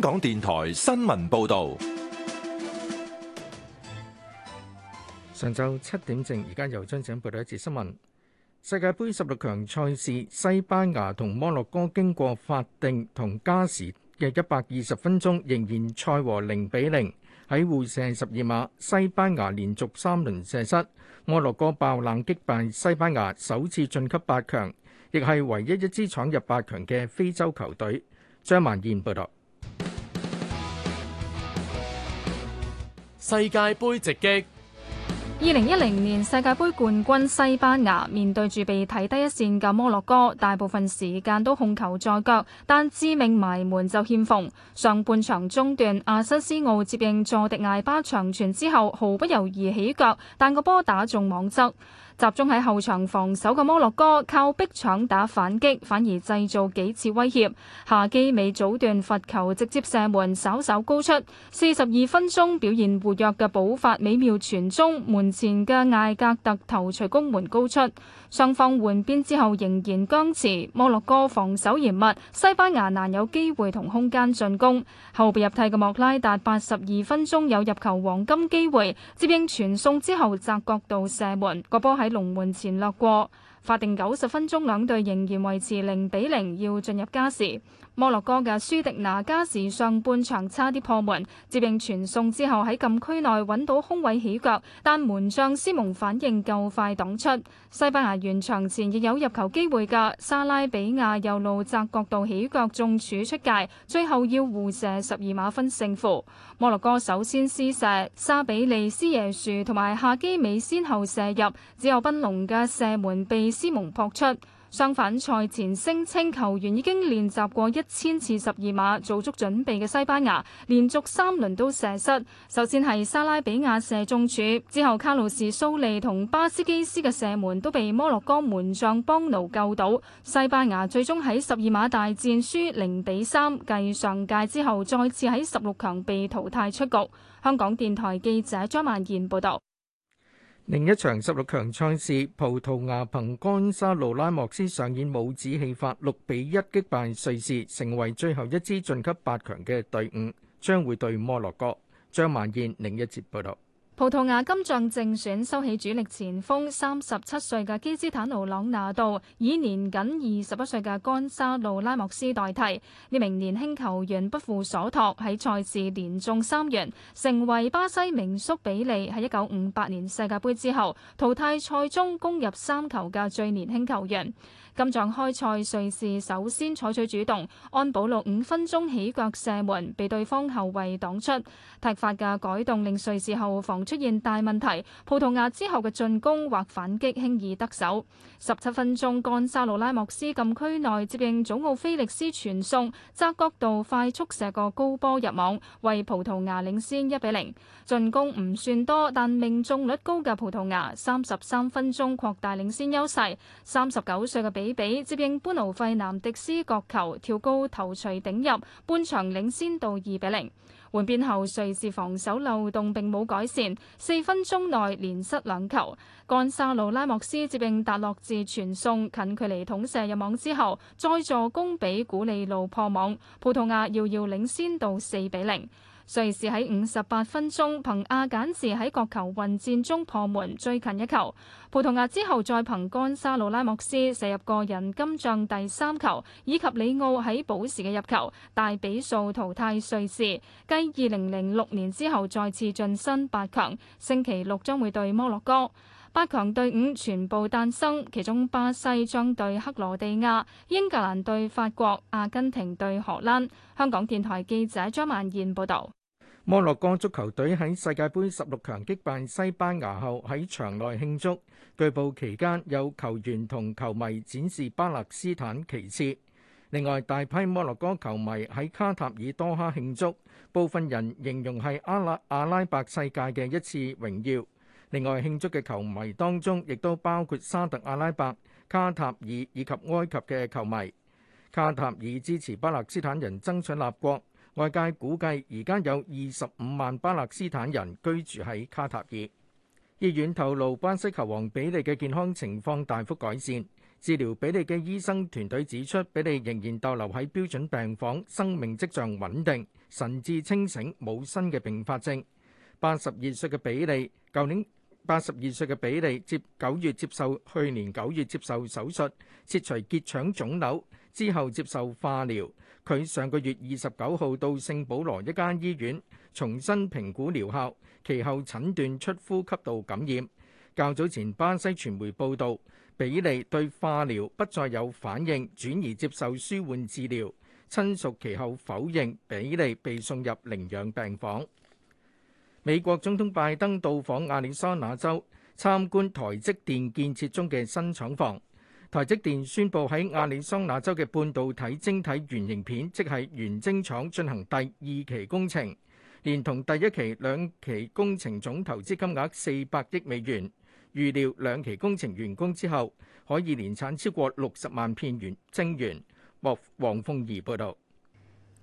香港電台新聞報道：上晝七點正，而家又將請報道一次新聞。世界杯十六強賽事，西班牙同摩洛哥經過法定同加時嘅一百二十分鐘，仍然賽和零比零。喺互射十二碼，西班牙連續三輪射失，摩洛哥爆冷擊敗西班牙，首次晉級八強，亦係唯一一支闖入八強嘅非洲球隊。張曼燕報道。世界盃直擊。二零一零年世界盃冠軍西班牙面對住被睇低一線嘅摩洛哥，大部分時間都控球在腳，但致命埋門就欠奉。上半場中段，阿西斯奧接應佐迪艾巴長傳之後，毫不猶豫起腳，但個波打中網側。集中喺後場防守嘅摩洛哥靠逼搶打反擊，反而製造幾次威脅。夏基美早段罰球直接射門，稍稍高出。四十二分鐘，表現活躍嘅補發美妙傳中，門前嘅艾格特頭槌攻門高出。雙方換邊之後仍然僵持。摩洛哥防守嚴密，西班牙難有機會同空間進攻。後備入替嘅莫拉達八十二分鐘有入球黃金機會，接應傳送之後窄角度射門，個波喺龍門前掠過，法定九十分鐘，兩隊仍然維持零比零，要進入加時。摩洛哥嘅舒迪拿加時上半場差啲破門，接應傳送之後喺禁區內揾到空位起腳，但門將斯蒙反應夠快擋出。西班牙完場前亦有入球機會嘅沙拉比亞右路窄角度起腳中柱出界，最後要互射十二碼分勝負。摩洛哥首先施射，沙比利斯耶樹同埋夏基美先後射入，只有。賓隆嘅射門被斯蒙撲出。相反，賽前聲稱球員已經練習過一千次十二碼做足準備嘅西班牙，連續三輪都射失。首先係沙拉比亞射中柱，之後卡路士蘇利同巴斯基斯嘅射門都被摩洛哥門將邦奴救到。西班牙最終喺十二碼大戰輸零比三，繼上屆之後再次喺十六強被淘汰出局。香港電台記者張曼燕報道。另一場十六強賽事，葡萄牙憑干沙路拉莫斯上演帽子戲法，六比一擊敗瑞士，成為最後一支晉級八強嘅隊伍，將會對摩洛哥。張萬燕另一節報道。葡萄牙今仗正選收起主力前鋒三十七歲嘅基斯坦奴·朗拿度，以年僅二十一歲嘅干沙路·拉莫斯代替。呢名年輕球員不負所託，喺賽事連中三元，成為巴西名宿比利喺一九五八年世界杯之後，淘汰賽中攻入三球嘅最年輕球員。今仗開賽，瑞士首先採取主動，安保路五分鐘起腳射門，被對方後衛擋出。踢法嘅改動令瑞士後防出現大問題，葡萄牙之後嘅進攻或反擊輕易得手。十七分鐘，幹沙路拉莫斯禁區內接應祖奧菲力斯傳送，側角度快速射個高波入網，為葡萄牙領先一比零。進攻唔算多，但命中率高嘅葡萄牙，三十三分鐘擴大領先優勢。三十九歲嘅比比接應般奴費南迪斯角球跳高頭錘頂入，半場領先到二比零。換邊後，瑞士防守漏洞並冇改善，四分鐘內連失兩球。干沙路拉莫斯接應達洛治傳送近距離捅射入網之後，再助攻比古利路破網，葡萄牙遙遙領先到四比零。瑞士喺五十八分鐘憑亞簡士喺角球混戰中破門，最近一球葡萄牙之後再憑干沙路拉莫斯射入個人今仗第三球，以及里奧喺補時嘅入球，大比數淘汰瑞士，繼二零零六年之後再次晉身八強。星期六將會對摩洛哥。八強隊伍全部誕生，其中巴西將對克羅地亞，英格蘭對法國，阿根廷對荷蘭。香港電台記者張曼燕報導。摩洛哥足球隊喺世界盃十六強擊敗西班牙後喺場內慶祝，據報期間有球員同球迷展示巴勒斯坦旗幟。另外，大批摩洛哥球迷喺卡塔爾多哈慶祝，部分人形容係阿拉阿拉伯世界嘅一次榮耀。另外，慶祝嘅球迷當中亦都包括沙特阿拉伯、卡塔爾以及埃及嘅球迷。卡塔爾支持巴勒斯坦人爭取立國。外界估計而家有二十五萬巴勒斯坦人居住喺卡塔爾。醫院透露，巴西球王比利嘅健康情況大幅改善。治療比利嘅醫生團隊指出，比利仍然逗留喺標準病房，生命跡象穩定，神智清醒，冇新嘅併發症。八十二歲嘅比利，舊年八十二歲嘅比利接九月接受去年九月接受手術，切除結腸腫瘤之後接受化療。佢上個月二十九號到聖保羅一間醫院重新評估療效，其後診斷出呼吸道感染。較早前巴西傳媒報導，比利對化療不再有反應，轉而接受舒緩治療。親屬其後否認比利被送入寧養病房。美國總統拜登到訪亞利桑那州，參觀台積電建設中嘅新廠房。台積電宣布喺亞利桑那州嘅半導體晶體原型片，即係原晶廠進行第二期工程，連同第一期兩期工程總投資金額四百億美元。預料兩期工程完工之後，可以年產超過六十萬片原晶圓。黃鳳儀報道。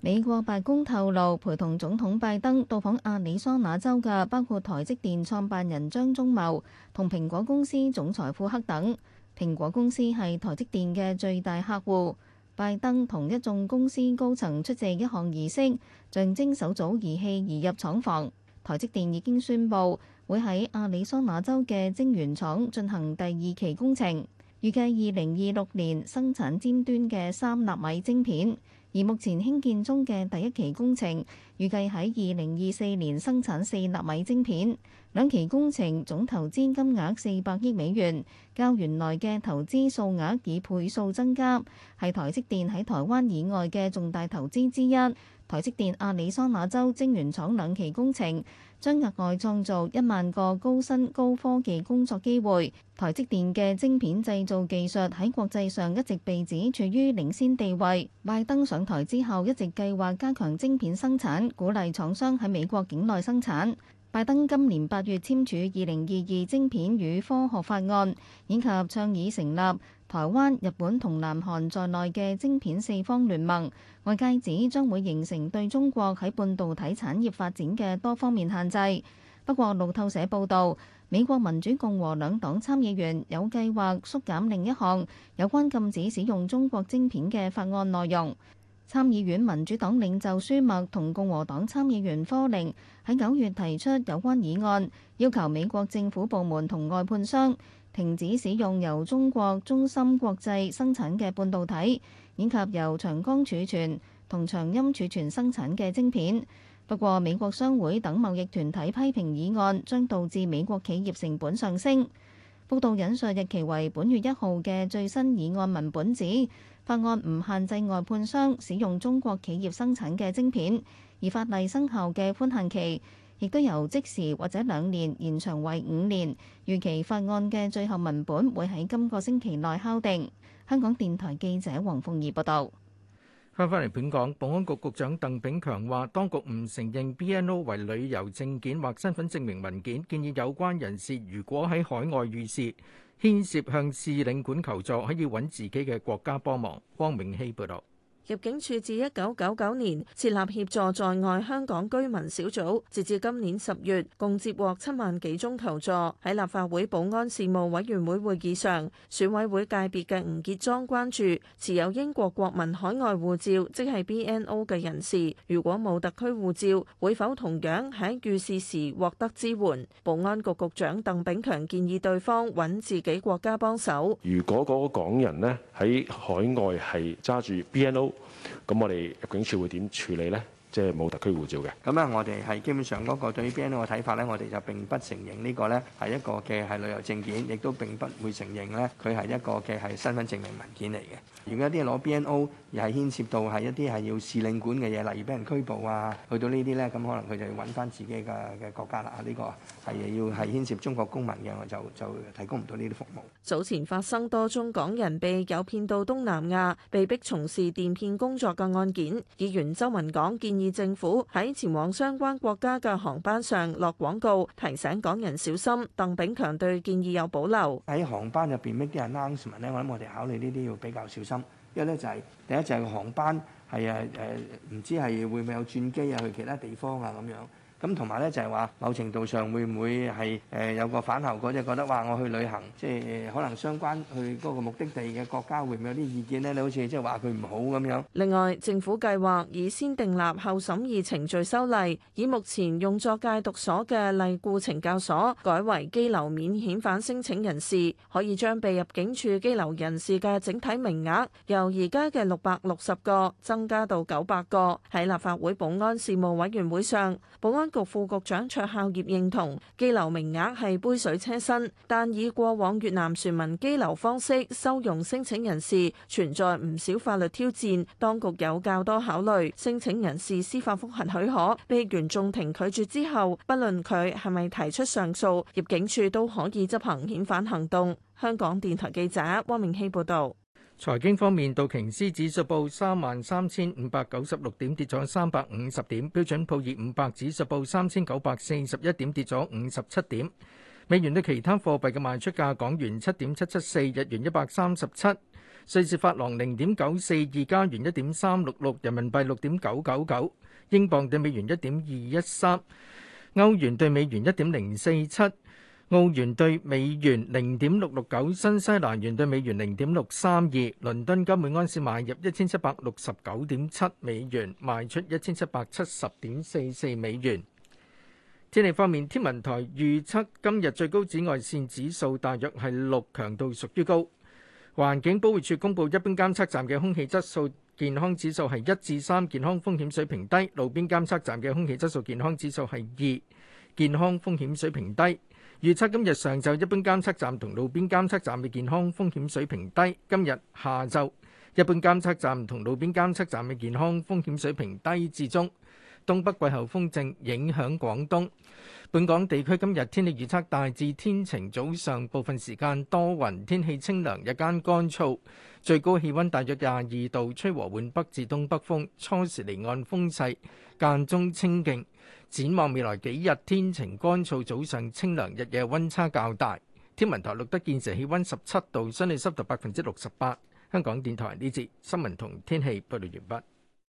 美國白宮透露，陪同總統拜登到訪亞利桑那州嘅包括台積電創辦人張忠謀同蘋果公司總裁庫克等。蘋果公司係台積電嘅最大客戶，拜登同一眾公司高層出席一項儀式，象徵首組儀器移入廠房。台積電已經宣布會喺亞利桑那州嘅晶圓廠進行第二期工程，預計二零二六年生產尖端嘅三納米晶片。而目前興建中嘅第一期工程，預計喺二零二四年生產四納米晶片。兩期工程總投資金額四百億美元，較原來嘅投資數額以倍數增加，係台積電喺台灣以外嘅重大投資之一。台積電亞利桑那州晶圓廠兩期工程將額外創造一萬個高薪高科技工作機會。台積電嘅晶片製造技術喺國際上一直被指處於領先地位。拜登上台之後一直計劃加強晶片生產，鼓勵廠商喺美國境內生產。拜登今年八月簽署《二零二二晶片與科學法案》，以及倡議成立。台灣、日本同南韓在內嘅晶片四方聯盟，外界指將會形成對中國喺半導體產業發展嘅多方面限制。不過，路透社報導，美國民主共和兩黨參議員有計劃縮減另一項有關禁止使用中國晶片嘅法案內容。參議院民主黨領袖舒默同共和黨參議員科寧喺九月提出有關議案，要求美國政府部門同外判商停止使用由中國中芯國際生產嘅半導體，以及由長江儲存同長鑫儲存生產嘅晶片。不過，美國商會等貿易團體批評議案將導致美國企業成本上升。報道引述日期為本月一號嘅最新議案文本指，法案唔限制外判商使用中國企業生產嘅晶片，而法例生效嘅寬限期亦都由即時或者兩年延長為五年。預期法案嘅最後文本會喺今個星期內敲定。香港電台記者黃鳳儀報道。翻返嚟本港，保安局局長鄧炳強話，當局唔承認 BNO 為旅遊證件或身份證明文件，建議有關人士如果喺海外遇事，牽涉向使領館求助，可以揾自己嘅國家幫忙。方明希報道。入境處自一九九九年設立協助在外香港居民小組，直至今年十月，共接獲七萬幾宗求助。喺立法會保安事務委員會會議上，選委會界別嘅吳傑莊關注持有英國國民海外護照即係 BNO 嘅人士，如果冇特區護照，會否同樣喺遇事時獲得支援。保安局局長鄧炳強建議對方揾自己國家幫手。如果嗰個港人呢，喺海外係揸住 BNO。咁我哋入境處會點處理咧？即係冇特區護照嘅。咁啊，我哋係基本上嗰個對於 BNO 嘅睇法咧，我哋就並不承認呢個咧係一個嘅係旅遊證件，亦都並不會承認咧佢係一個嘅係身份證明文件嚟嘅。如果一啲攞 BNO，而係牽涉到係一啲係要使領館嘅嘢，例如俾人拘捕啊，去到呢啲咧，咁可能佢就要搵返自己嘅嘅國家啦。啊，呢個係要係牽涉中國公民嘅，我就就提供唔到呢啲服務。早前發生多宗港人被誘騙到東南亞，被逼從事電騙工作嘅案件，議員周文港建議。政府喺前往相關國家嘅航班上落廣告，提醒港人小心。鄧炳強對建議有保留。喺航班入邊呢啲人 announce 咧，我諗我哋考慮呢啲要比較小心。一咧就係、是，第一就係個航班係誒誒，唔知係會唔會有轉機啊，去其他地方啊咁樣。咁同埋咧，就係話某程度上會唔會係誒有個反效果，即係覺得話我去旅行，即係可能相關去嗰個目的地嘅國家會唔會有啲意見咧？你好似即係話佢唔好咁樣。另外，政府計劃以先訂立後審議程序修例，以目前用作戒毒所嘅勵顧懲教所，改為羈留免遣返申請人士，可以將被入境處羈留人士嘅整體名額，由而家嘅六百六十個增加到九百個。喺立法會保安事務委員會上，保安局副局長卓孝業認同，羈留名額係杯水車薪，但以過往越南船民羈留方式收容申請人士，存在唔少法律挑戰。當局有較多考慮，申請人士司法覆核許可被原訟庭拒絕之後，不論佢係咪提出上訴，入境處都可以執行遣返行動。香港電台記者汪明熙報道。財經方面，道瓊斯指數報三萬三千五百九十六點，跌咗三百五十點；標準普爾五百指數報三千九百四十一點，跌咗五十七點。美元對其他貨幣嘅賣出價：港元七點七七四，日元一百三十七，瑞士法郎零點九四二，加元一點三六六，人民幣六點九九九，英鎊對美元一點二一三，歐元對美元一點零四七。澳元兌美元零點六六九，新西蘭元兌美元零點六三二，倫敦金每安士買入一千七百六十九點七美元，賣出一千七百七十點四四美元。天氣方面，天文台預測今日最高紫外線指數大約係六，強度屬於高。環境保護署公布一般監測站嘅空氣質素健康指數係一至三，健康風險水平低；路邊監測站嘅空氣質素健康指數係二，健康風險水平低。預測今日上晝一般監測站同路邊監測站嘅健康風險水平低。今日下晝一般監測站同路邊監測站嘅健康風險水平低至中。東北季候風正影響廣東。本港地區今日天氣預測大致天晴，早上部分時間多雲，天氣清涼，日間乾燥。最高氣温大約廿二度，吹和緩北至東北風，初時離岸風勢，間中清勁。展望未來幾日天晴乾燥，早上清涼，日夜温差較大。天文台錄得現時氣溫十七度，相對濕度百分之六十八。香港電台呢節新聞同天氣報道完畢。